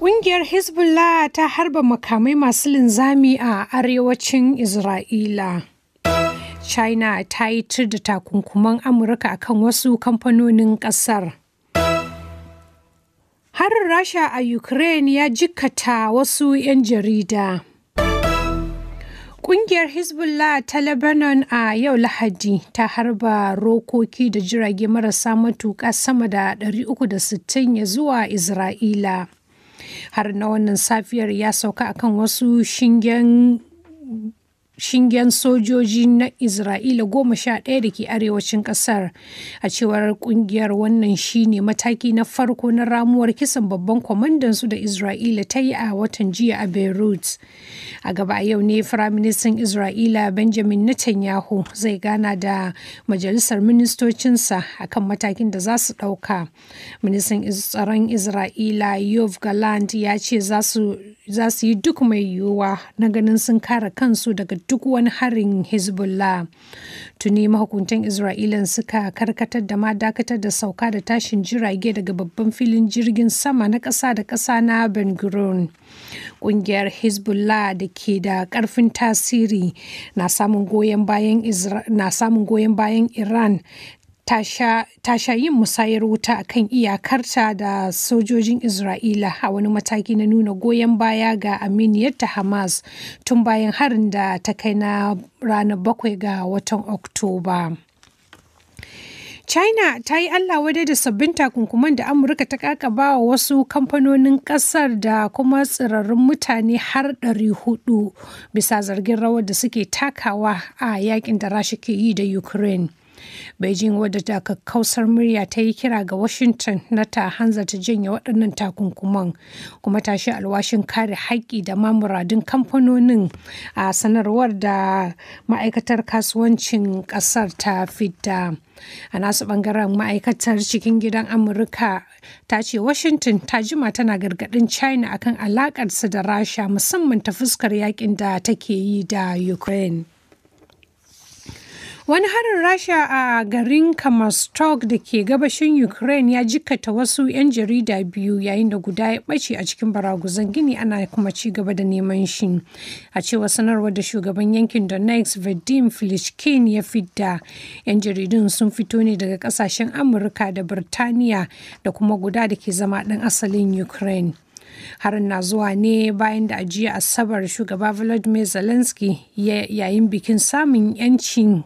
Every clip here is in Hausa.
Ƙungiyar Hezbollah ta harba makamai masu linzami a arewacin Isra'ila. China ta yi tur da takunkuman Amurka a kan wasu kamfanonin ƙasar. Harin Rasha a Ukraine ya jikata wasu 'yan jarida. Ƙungiyar Hezbollah ta Lebanon a yau Lahadi ta harba rokoki da jirage marasa matuƙa sama da 360 ya zuwa Isra'ila. har na wannan safiyar ya sauka akan wasu shingen shingen sojoji na Isra'ila goma sha ɗaya da ke arewacin ƙasar. A cewar ƙungiyar wannan shine mataki na farko na ramuwar kisan babban kwamandansu da Isra'ila ta yi a watan jiya a Beirut. A gaba yau ne Firaministan Isra'ila Benjamin Netanyahu zai gana da majalisar ministocinsa a kan matakin da za su ɗauka. Ministan tsaron Isra'ila Yov Galand ya ce za su yi duk mai yiwuwa na ganin sun kare kansu daga duk wani harin hezbollah tuni mahukuntan isra'ila suka karkatar da ma dakatar da sauka da tashin jirage daga babban filin jirgin sama na ƙasa da ƙasa na ben gurion ƙungiyar hezbollah da ke da ƙarfin tasiri na samun goyon bayan iran ta sha ta sha yin musayar wuta a kan iyakarta da sojojin Isra'ila a wani mataki na nuna goyon baya ga aminiyar ta Hamas tun bayan harin da ta kai na ranar bakwai ga watan Oktoba. China ta yi Allah wadai da sabbin takunkuman da Amurka ta kakaba wa wasu kamfanonin kasar da kuma tsirarrun mutane har 400 bisa zargin rawar da suke takawa a yakin da Rasha ke yi da Ukraine. beijing wadda ta kakkausar murya ta yi kira ga washington na ta hanzarta janye waɗannan takunkuman kuma ta shi alwashin kare haƙƙi da ma muradun kamfanonin a sanarwar da ma'aikatar kasuwancin ƙasar ta fidda. a nasu ɓangaren ma'aikatar cikin gidan amurka ta ce washington ta jima tana gargadin china akan alakarsa da rasha musamman ta fuskar yakin da take yi da ukraine Wani harin Rasha a garin Kamastok da ke gabashin Ukraine ya jikkata wasu 'yan jarida biyu yayin da guda ya ɓace a cikin baraguzan gini ana kuma ci gaba da neman shi. A cewa sanarwar da shugaban yankin Donetsk Vadim Filishkin ya fidda 'yan jaridun sun fito ne daga kasashen Amurka da Birtaniya da kuma guda da ke zama ɗan asalin Ukraine. harin na zuwa ne bayan da ajiya asabar shugaba volodymyr zelensky yayin bikin samun 'yancin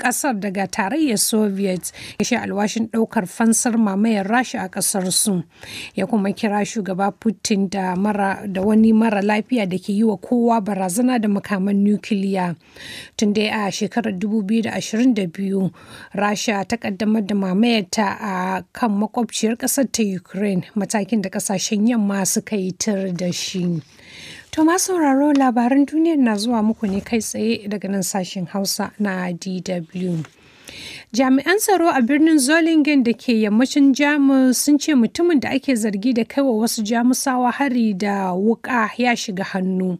kasar daga tarayyar soviet ya sha alwashin daukar fansar mamayar rasha a kasar su ya kuma kira shugaba putin da wani mara lafiya da ke yi wa kowa barazana da makaman nukiliya tun dai a shekarar 2022 rasha ta kaddamar da mamayarta a kan makwabciyar kasar ta ukraine matakin da kasashen yamma suka yi tir da shi To ma sauraro labaran duniya na zuwa muku ne kai tsaye daga nan sashen Hausa na DW. Jami'an tsaro a birnin Zolingen da ke yammacin Jamus sun ce mutumin da ake zargi da kaiwa wasu Jamusawa hari da wuka ya shiga hannu.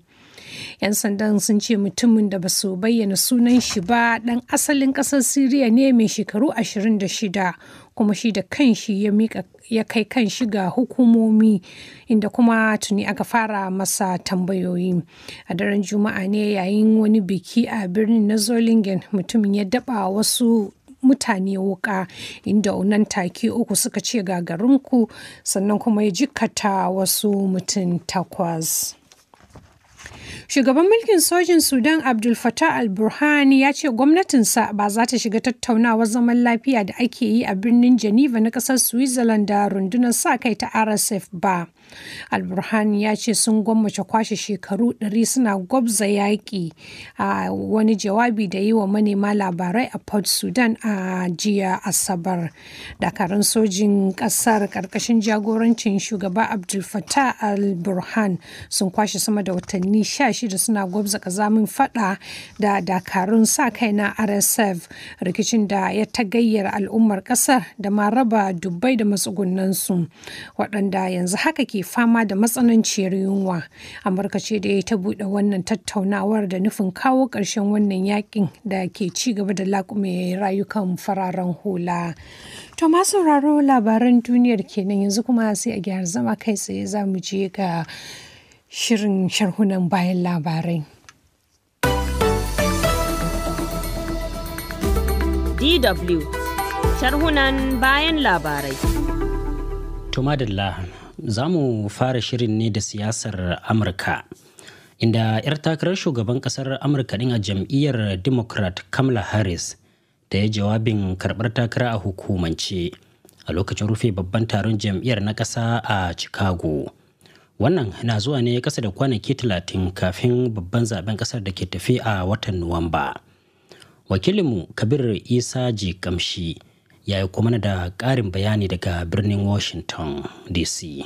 'Yan sandan sun ce mutumin da ba su bayyana sunan shi ba ɗan asalin ƙasar Siriya ne mai shekaru 26 kuma shi da kanshi ya mika ya kai kanshi ga hukumomi inda kuma tuni aka fara masa tambayoyi a daren juma'a ne yayin wani biki a birnin na zolingen mutumin ya daba wasu mutane wuka inda unan take uku suka ce ga gagarinku sannan kuma ya jikata wasu mutum takwas. Shugaban mulkin sojin Sudan Abdul Fattah al-Burhani ya ce gwamnatinsa ba za ta shiga tattaunawar zaman lafiya da ake yi a birnin Geneva na ƙasar Switzerland da rundunar sa kai ta RSF ba. alburhan ya ce sun gwammace kwashe shekaru 100 suna gwabza yaƙi a wani jawabi da yi wa manema labarai a port sudan a jiya asabar dakarun sojin ƙasar ƙarƙashin jagorancin shugaba abdul fattah al-burhan sun kwashe sama da watanni 16 suna gwabza kazamin fada da dakarun sa kai na rsf rikicin da ya tagayyar al'ummar ƙasar da ma raba dubbai da matsugunansu waɗanda yanzu haka ke fama da matsananciyar yunwa. Amurka ce dai ta buɗe wannan tattaunawar da nufin kawo ƙarshen wannan yakin da ke ci gaba da laƙume rayukan fararen hula. To masu sauraro labaran duniyar kenan yanzu kuma sai a gyara zama kai tsaye za mu je ga shirin sharhunan bayan labarai. DW sharhunan bayan labarai. da za mu fara shirin ne da siyasar Amurka. Inda 'yar takarar shugaban kasar Amurka din a jam'iyyar Democrat Kamala Harris da ya jawabin karɓar takara a hukumance a lokacin rufe babban taron jam'iyyar na ƙasa a Chicago. Wannan na zuwa ne kasa da kwanaki talatin kafin babban zaben ƙasar da ke tafi a watan Nuwamba. Wakilinmu Kabir Isa ji kamshi ya yi na da ƙarin bayani daga birnin Washington DC.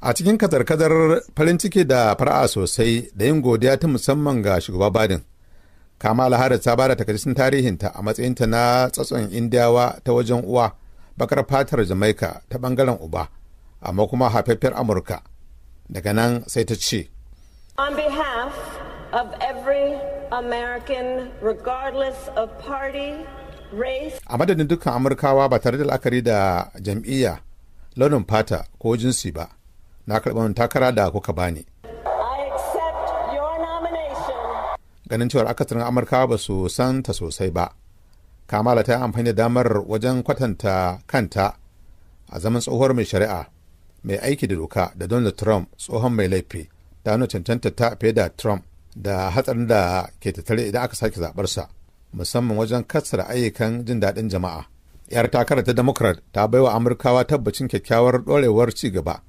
A cikin kadar-kadar farin ciki da fara'a sosai da yin godiya ta musamman ga shugaba badin Kamala Harris ta bada takardun tarihinta a matsayinta na tsatson Indiyawa ta wajen uwa bakar fatar Jamaika ta bangaren uba, amma kuma haifaffiyar Amurka. Daga nan sai ta ce. On behalf of every American, regardless of party, a madadin dukkan amurkawa ba tare da la'akari da jam'iyya launin fata ko jinsi ba na wani takara da kuka bani ganin cewar akasarin amurkawa ba su san ta sosai ba kamala ta yi amfani da damar wajen kwatanta kanta a zaman tsohuwar mai shari'a mai aiki da doka da donald trump tsohon mai laifi da nuna cancanta ta fiye da trump da hatsarin da ke tattare idan aka sake zaɓarsa musamman wajen kassara ayyukan jin daɗin jama'a. 'Yar takarar ta Democrat ta bai wa Amurkawa tabbacin kyakkyawar ɗorewar ci gaba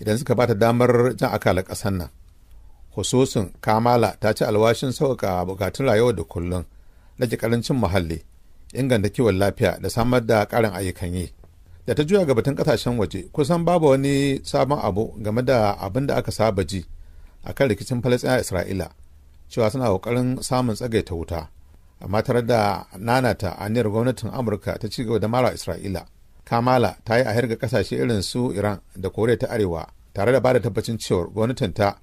idan suka bata damar jan akala ƙasar nan. Hususun Kamala ta ci alwashin sauƙa bukatun rayuwa da kullum, rage ƙarancin muhalli, inganta kiwon lafiya da samar da ƙarin ayyukan yi. Da ta juya ga batun ƙasashen waje, kusan babu wani sabon abu game da abin da aka saba ji a kan rikicin Falasɗina Isra'ila, cewa suna ƙoƙarin samun tsagaita wuta. amma tare da nanata aniyar gwamnatin amurka ta ci gaba da mara isra'ila kamala ta yi a harga kasashe irin su iran da koriya ta arewa tare da bada tabbacin cewar gwamnatin ta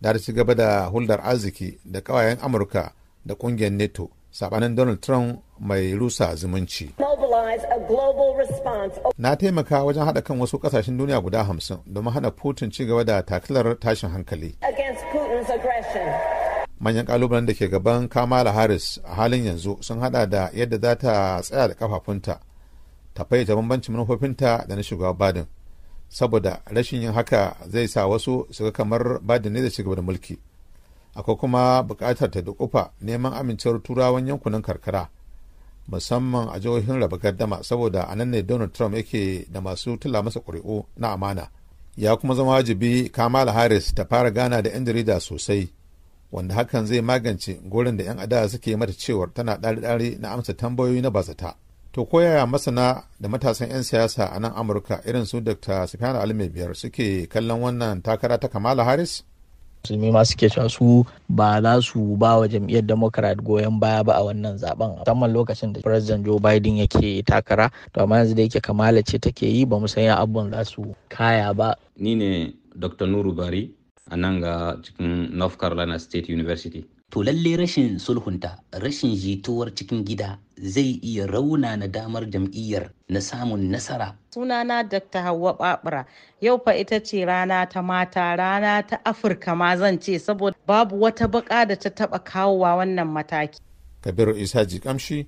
da ta ci gaba da huldar arziki da kawayen amurka da kungiyar neto sabanin donald trump mai rusa zumunci na taimaka wajen haɗa kan wasu ƙasashen duniya guda hamsin domin hana putin ci gaba da takilar tashin hankali manyan kalubalen da ke gaban kamala harris a halin yanzu sun hada da yadda za ta tsaya da kafafunta ta fayyace bambancin manufofinta da na shugaba badin saboda rashin yin haka zai sa wasu su ga kamar badin ne da shugaba da mulki akwai kuma bukatar ta dukufa neman amincewar turawan yankunan karkara musamman a jihohin raba gardama saboda a nan ne donald trump yake da masu tula masa ƙuri'u na amana ya kuma zama wajibi kamala harris ta fara gana da 'yan jarida sosai wanda hakan zai magance gurin da 'yan adawa suke mata cewar tana ɗari-ɗari na amsa tambayoyi na bazata. To koyaya masana da matasan 'yan siyasa a nan Amurka irin su Dr. Sufyan Ali mai biyar suke kallon wannan takara ta Kamala Harris? musulmi ma suke cewa su ba za su ba wa jam'iyyar democrat goyon baya ba a wannan zaben musamman lokacin da president joe biden yake takara to amma yanzu da yake kamala ce take yi ba mu san ya za su kaya ba ni ne dr nuru bari a nan ga cikin north carolina state university to lalle rashin sulhunta rashin jituwar cikin gida zai iya rauna na damar jam'iyyar na samun nasara sunana dr Hauwa babura yau fa ita ce rana ta mata rana ta afirka ma zan ce saboda babu wata baka da ta taba kawowa wannan mataki kabiru isa jikamshi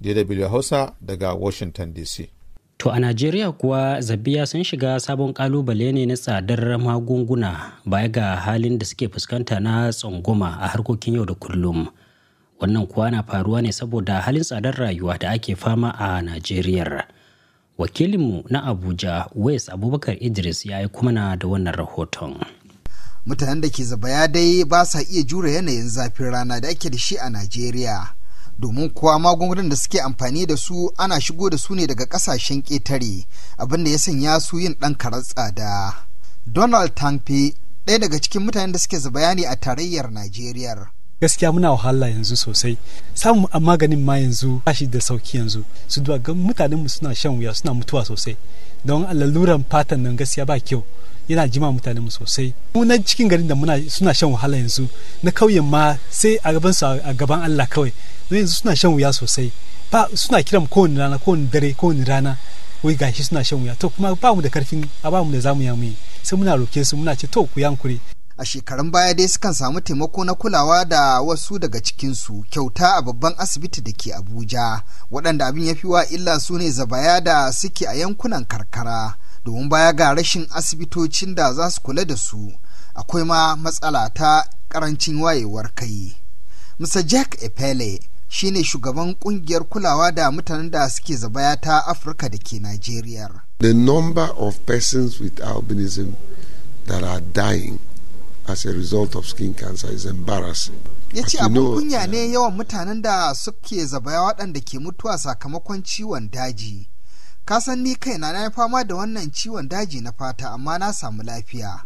dw hausa daga washington dc To a Najeriya kuwa zabiya sun shiga sabon kalubale ne na tsadar magunguna baya ga halin da suke fuskanta na tsangwama a harkokin yau da kullum. Wannan kuwa na faruwa ne saboda halin tsadar rayuwa da ake fama a Najeriya. Wakilinmu na Abuja, Wes Abubakar Idris ya yi kuma na da wannan rahoton. Mutanen da ke zabaya dai ba sa iya jure yanayin zafin rana da ake da shi a Najeriya. domin kuwa magungunan da suke amfani da su ana shigo da su ne daga kasashen ƙetare abin da ya sanya su yin ɗan karar tsada. Donald Tampe ɗaya daga cikin mutanen da suke bayani a tarayyar Najeriya. gaskiya muna wahala yanzu sosai samun maganin ma yanzu ba da sauki yanzu su duwa ga mutanenmu suna shan wuya suna mutuwa sosai don alaluran fatan nan gaskiya ba kyau yana jima mutane mu sosai mu na cikin garin da muna suna shan wahala yanzu na kauyen ma sai a gaban su a gaban Allah kawai yanzu suna shan wuya sosai ba suna kiran kowane rana kowane dare kowane rana wai gashi suna shan wuya to kuma ba mu da karfin a ba mu da zamu yamu sai muna roke su muna ce to ku yankure a shekarun baya dai sukan samu taimako na kulawa da wasu daga cikinsu kyauta a babban asibiti da ke abuja waɗanda abin ya fi wa illa su ne zabaya da suke a yankunan karkara domin baya ga rashin asibitocin da za su kula da su akwai ma matsala ta karancin wayewar kai. Mr. Jack Epele shine shugaban kungiyar kulawa da mutanen da suke zabaya ta Afirka da ke Najeriya. The number of persons with albinism that are dying as a result of skin cancer is embarrassing. ya ce abin kunya ne yawan mutanen da suke zabaya waɗanda ke mutuwa sakamakon ciwon daji ka san ni kai na fama da wannan ciwon daji na fata amma na samu lafiya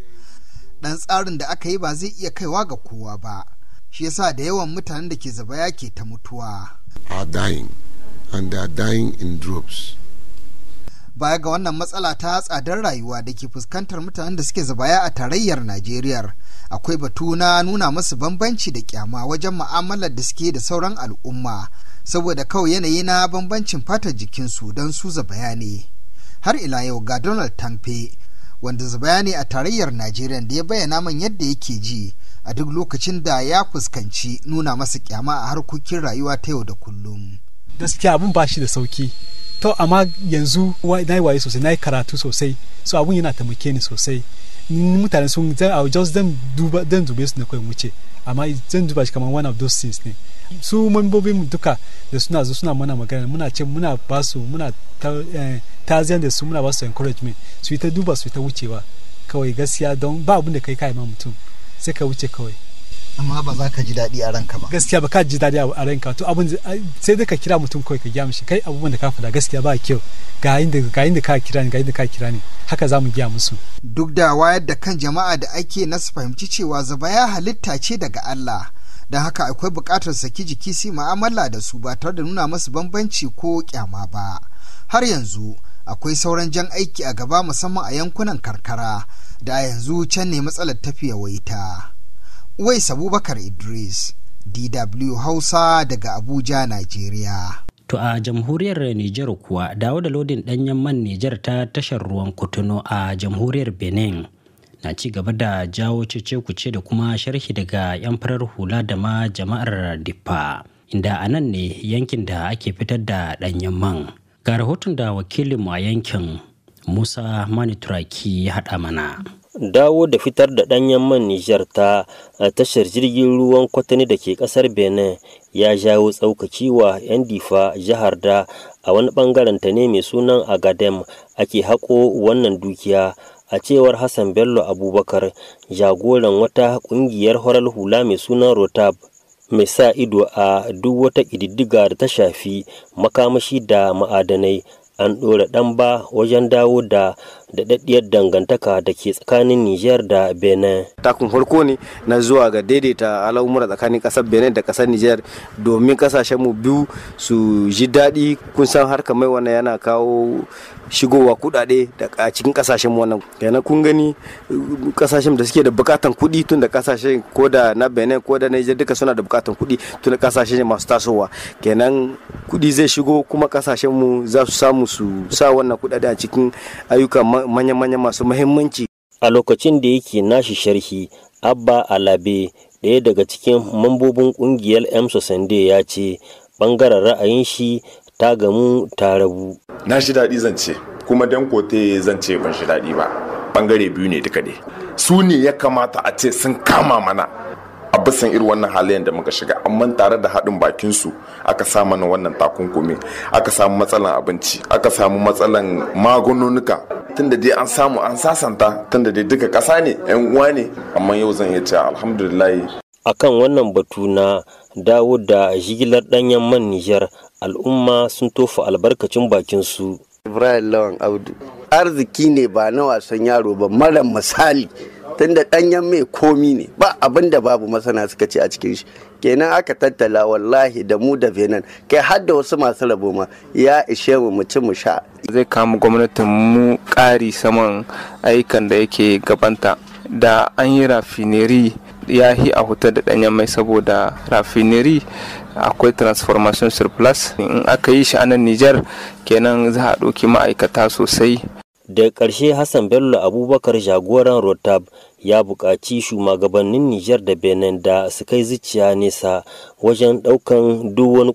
dan tsarin da aka yi ba zai iya kaiwa ga kowa ba shi yasa da yawan mutanen da ke zaba ke ta mutuwa are dying and they are dying in droves baya ga wannan matsala ta tsadar rayuwa da ke fuskantar mutanen da suke zabaya a tarayyar najeriya akwai batu na nuna musu bambanci da kyama wajen mu'amalar da suke da sauran al'umma saboda kawai yanayi na bambancin fatar jikinsu don su zabaya ne har ila yau ga donald tampe wanda zabaya ne a tarayyar najeriya da ya bayyana man yadda yake ji a duk lokacin da ya fuskanci nuna masa kyama a harkokin rayuwa ta yau da kullum gaskiya abin ba shi da sauki to amma yanzu na yi waye sosai na yi karatu sosai so abun yana taimake ni sosai mutane sun zan a just zan duba zan dube su na kawai wuce amma zan duba shi kamar one of those things ne su mambobin duka da suna zo suna mana magana muna ce muna ba su muna taziyar eh, da su muna ba su encouragement su yi ta duba su yi ta wucewa kawai gaskiya don ba abin da kai kai ma mutum sai ka wuce kawai amma ba za ka ji daɗi a ranka ba gaskiya ba ka ji daɗi a ranka to abun sai dai ka kira mutum kawai ka gya mishi kai abubuwan da ka faɗa gaskiya ba kyau ga inda ga inda ka kira ni ga inda ka kira ni haka za mu gya musu duk da wayar da kan jama'a da ake na su fahimci cewa zuba ya halitta ce daga Allah don haka akwai buƙatar saki jiki su ma'amala da su ba tare da nuna masu bambanci ko kyama ba har yanzu akwai sauran jan aiki a gaba musamman a yankunan karkara da yanzu can ne matsalar tafiya waita. Wais Abubakar Idris, DW Hausa daga Abuja, Najeriya. To a jamhuriyar Nijar kuwa dawo da lodin ɗanyen man Nijar ta tashar ruwan kotunu a jamhuriyar Benin na ci gaba da jawo cece-kuce da kuma sharhi daga 'yan farar hula da ma jama'ar Diffa, inda a nan ne yankin da ake fitar da ɗanyen man. Ga rahoton da wakilinmu a yankin Musa Manituraki ya haɗa mana. dawo da fitar da ɗanyen man Nijar ta tashar jirgin ruwan kwatani da ke ƙasar Benin ya jawo wa 'yan difa jihar da a wani ɓangaren ta ne mai sunan Agadem ake haƙo wannan dukiya a cewar Hassan Bello Abubakar jagoran wata ƙungiyar horar hula mai sunan Rotab. mai sa ido a duk wata ƙididdiga da ta shafi makamashi da ma'adanai an ɗora ɗan ba wajen dawo da daɗaɗɗiyar dangantaka da ke tsakanin Nijar da Benin. Takun farko ne na zuwa ga daidaita al'amura tsakanin ƙasar Benin da ƙasar Nijar domin ƙasashen mu biyu su ji daɗi kun san harkar mai wannan yana kawo shigowa kuɗaɗe a cikin ƙasashen wannan. Yana kun gani ƙasashen da suke da buƙatan kuɗi tun da ƙasashen ko da na Benin ko da Nijar duka suna da buƙatan kuɗi tun da ƙasashen masu tasowa. Kenan kuɗi zai shigo kuma ƙasashen mu za su samu su sa wannan kuɗaɗe a cikin ayyukan manya-manya masu mahimmanci a lokacin da yake nashi sharhi abba alabe ɗaya daga cikin mambobin ƙungiyar emso sande ya ce ɓangaren ra'ayin shi ta gamu ta rabu na shi daɗi zance kuma dan kote zance ban shi daɗi ba ɓangare biyu ne duka ne su ne ya kamata a ce sun kama mana a bisan irin wannan halayen da muka shiga amma tare da haɗin bakin su aka sa mana wannan takunkumi aka samu matsalan abinci aka samu matsalan magununuka tunda dai an samu an sasanta tunda dai duka ƙasa ne yan uwa ne amma yau zan iya cewa alhamdulillah akan wannan batu na dawo da jigilar danyen man Nijar al'umma sun tofa albarkacin bakin su. Ibrahim Lawan Audu arziki ne ba na wasan yaro ba mara misali tunda danyen mai komi ne ba abin da babu masana suka ce a cikin shi kenan aka tattala wallahi da mu da benin kai har da wasu masu rabo ma ya ishe mu mu ci mu sha zai kama gwamnatin mu ƙari saman ayyukan da yake gabanta da an yi rafineri ya yi a huta da danyen mai saboda rafineri akwai transformation surplus in aka yi shi a nan niger kenan za a ɗauki ma'aikata sosai da ƙarshe hassan bello abubakar jagoran rotab ya buƙaci shugabannin nijar da benin da su kai zuciya nesa wajen ɗaukan duk wani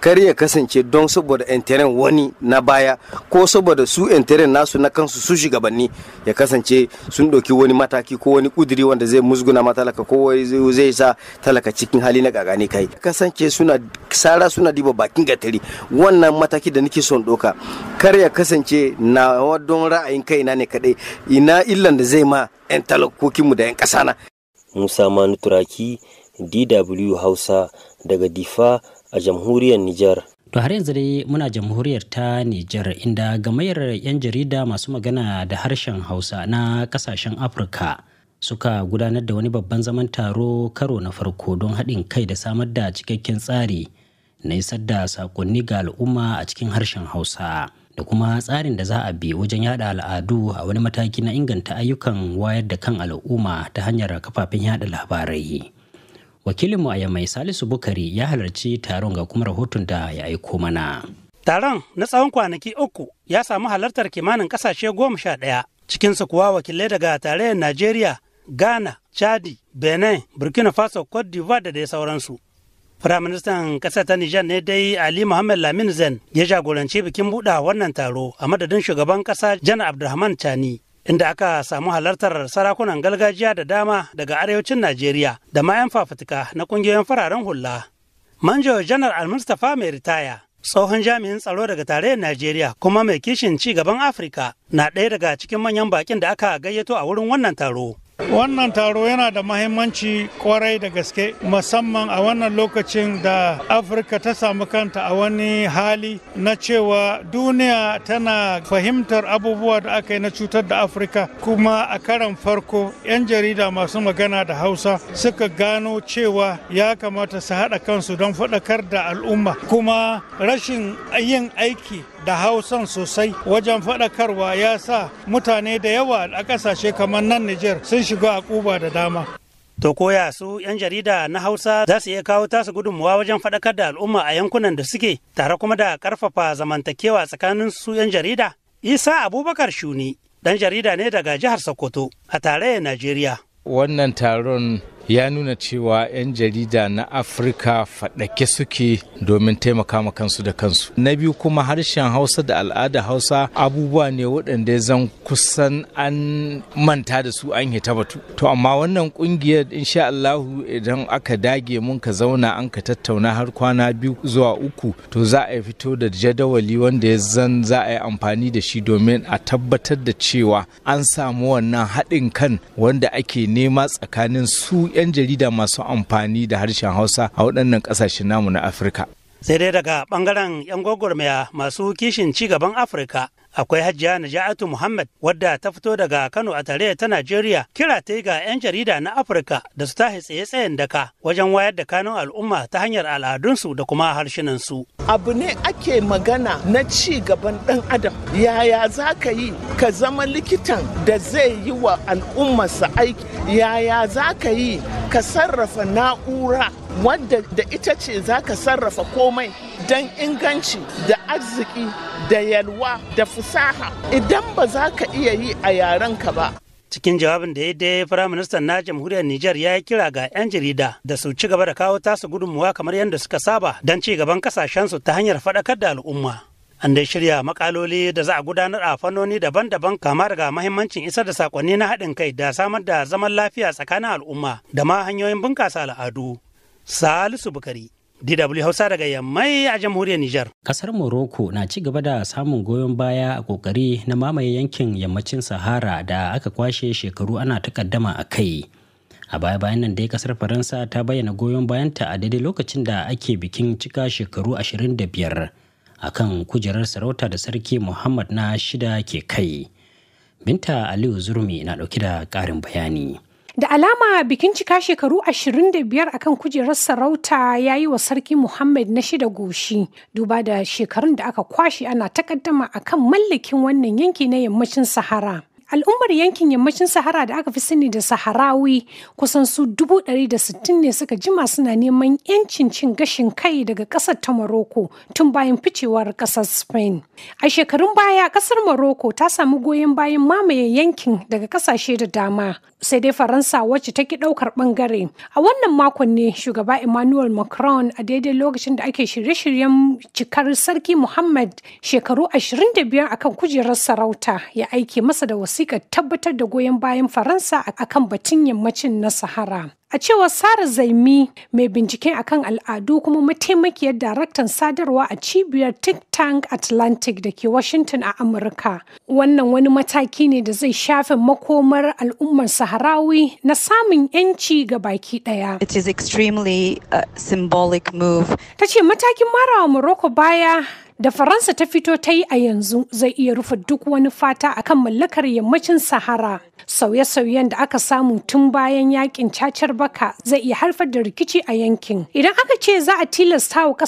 kar ya kasance don saboda intern wani na baya ko saboda su intern nasu na kansu su shugabanni ya kasance sun ɗauki wani mataki ko wani kudiri wanda zai musguna ma talaka ko zai sa talaka cikin hali na gagane kai kasance suna sara suna diba bakin gatari wannan mataki da nake son ɗauka kar ya kasance na don ra'ayin kai na ne kaɗai ina illan da zai ma 'yan talakokin mu da 'yan kasana Musa Manu Turaki DW Hausa daga Difa a jamhuriyar Nijar. To har yanzu dai muna jamhuriyar ta Nijar inda gamayar 'yan jarida masu magana da harshen Hausa na kasashen Afirka suka gudanar da wani babban zaman taro karo na farko don haɗin kai da samar da cikakken tsari na isar da saƙonni ga al'umma a cikin harshen Hausa da kuma tsarin da za a bi wajen yada al'adu a wani mataki na inganta ayyukan wayar da kan al'umma ta hanyar kafafen yada labarai. wakilinmu a mai salisu bukari ya halarci taron ga kuma rahoton da ya aiko mana taron na tsawon kwanaki uku ya samu halartar kimanin kasashe goma sha ɗaya cikinsu kuwa wakilai daga tarayyar najeriya ghana chadi benin burkina faso cote d'ivoire da dai sauransu Firaministan ƙasar ta Nijar ne dai Ali Muhammad Lamin Zen ya jagoranci bikin buɗa wannan taro a madadin shugaban ƙasa Jan Abdulrahman chani inda aka samu halartar sarakunan gargajiya da dama daga arewacin Najeriya da ma 'yan fafutuka na kungiyoyin fararen hula. Manjo Janar Al-Mustapha mai ritaya, tsohon jami'in tsaro daga tarayyar Najeriya kuma mai kishin ci gaban Afirka na ɗaya daga cikin manyan bakin da aka gayyato a wurin wannan taro. Wannan taro yana da mahimmanci kwarai da gaske musamman a wannan lokacin da Afirka ta samu kanta a wani hali na cewa duniya tana fahimtar abubuwa da aka yi na cutar da Afirka kuma a karan farko 'yan jarida masu magana da Hausa suka gano cewa ya kamata su haɗa kansu don faɗakar da al'umma kuma rashin yin aiki da hausan sosai wajen faɗakarwa ya sa mutane da yawa a ƙasashe kamar nan Nijar sun shiga a ƙuba da dama. To koya su 'yan jarida na Hausa za su iya kawo tasu gudunmuwa wajen faɗakar da al'umma a yankunan da suke tare kuma da ƙarfafa zamantakewa tsakanin su 'yan jarida? Isa Abubakar Shuni, ɗan jarida ne daga jihar Sokoto a tarayyar Najeriya. Wannan taron ya nuna cewa 'yan jarida na afirka faɗake suke domin taimaka ma kansu da kansu na biyu kuma harshen hausa da al'ada hausa abubuwa ne waɗanda ya zan kusan an manta da su an yi batu to amma wannan ƙungiyar insha allahu idan aka dage mun ka zauna an ka tattauna har kwana biyu zuwa uku to za a fito da jadawali wanda ya zan za a yi amfani da shi domin a tabbatar da cewa an samu wannan haɗin kan wanda ake nema tsakanin su 'yan jarida masu amfani da harshen hausa a waɗannan ƙasashen namu na afirka sai dai daga ɓangaren 'yan gwagwarmaya masu kishin ci gaban afirka akwai hajjiya naja'atu muhammad wadda ta fito daga kano a tarayyar ta najeriya kira ta ga 'yan jarida na afirka da su tashi tsaye-tsayen daka wajen wayar da kanun al'umma ta hanyar al'adunsu da kuma harshenansu abu ne ake magana na ci gaban dan adam yaya za ka yi ka zama likitan da zai yi wa al'ummarsa aiki yaya za ka yi ka sarrafa na'ura wadda da ita ce za ka sarrafa komai don inganci da arziki da yalwa da fusaha idan ba za ka iya yi a yarenka ba. Cikin jawabin da ya dai Firaministan na Jamhuriyar Nijar ya yi kira ga 'yan jarida da su ci gaba da kawo tasu gudunmuwa kamar yadda suka saba don ci gaban kasashensu ta hanyar faɗakar da al'umma. An dai shirya makaloli da za a gudanar a fannoni daban-daban kama daga mahimmancin isar da sakonni na haɗin kai da samar da zaman lafiya tsakanin al'umma da ma hanyoyin bunƙasa al'adu. Salisu Bukari. DW Hausa daga Yammai a jamhuriyar Nijar. Kasar Morocco na ci gaba da samun goyon baya a kokari na mamaye yankin yammacin Sahara da aka kwashe shekaru ana takaddama a kai. A baya bayan nan dai kasar Faransa ta bayyana goyon bayanta a daidai lokacin da ake bikin cika shekaru 25 a kan kujerar sarauta da sarki Muhammad na shida ke kai. Binta Aliyu Zurmi na ɗauki da ƙarin bayani. Da alama bikin cika shekaru 25 kan kujerar sarauta ya yi wa Sarki Muhammad na shida goshi, duba da shekarun da aka kwashe ana takaddama akan mallakin wannan yanki na yammacin Sahara. Al'ummar yankin yammacin Sahara da aka fi sani da Saharawi kusan su dubu ne suka jima suna neman yancin cin gashin kai daga ƙasar ta Morocco tun bayan ficewar ƙasar Spain. A shekarun baya ƙasar Morocco ta samu goyon bayan mamaye yankin daga ƙasashe da dama. Sai dai Faransa wacce take ɗaukar ɓangare. A wannan makon ne shugaba Emmanuel Macron a daidai lokacin da ake shirye-shiryen cikar Sarki Muhammad shekaru 25 akan kujerar sarauta ya aike masa da wasu suka tabbatar da goyon bayan Faransa a kan batun yammacin na Sahara. A cewar Sara Zaimi mai binciken akan al'adu kuma mataimakiyar daraktan sadarwa a cibiyar Think Tank Atlantic da ke Washington a Amurka. Wannan wani mataki ne da zai shafe makomar al'ummar Saharawi na samun 'yanci ga baki ɗaya. It is extremely uh, symbolic move. Ta ce matakin marawa Morocco baya da Faransa ta fito ta yi a yanzu zai iya rufe duk wani fata akan mallakar yammacin Sahara. Sauye-sauyen da aka samu tun bayan yakin cacar baka zai iya haifar da rikici a yankin. Idan aka ce za a tilasta wa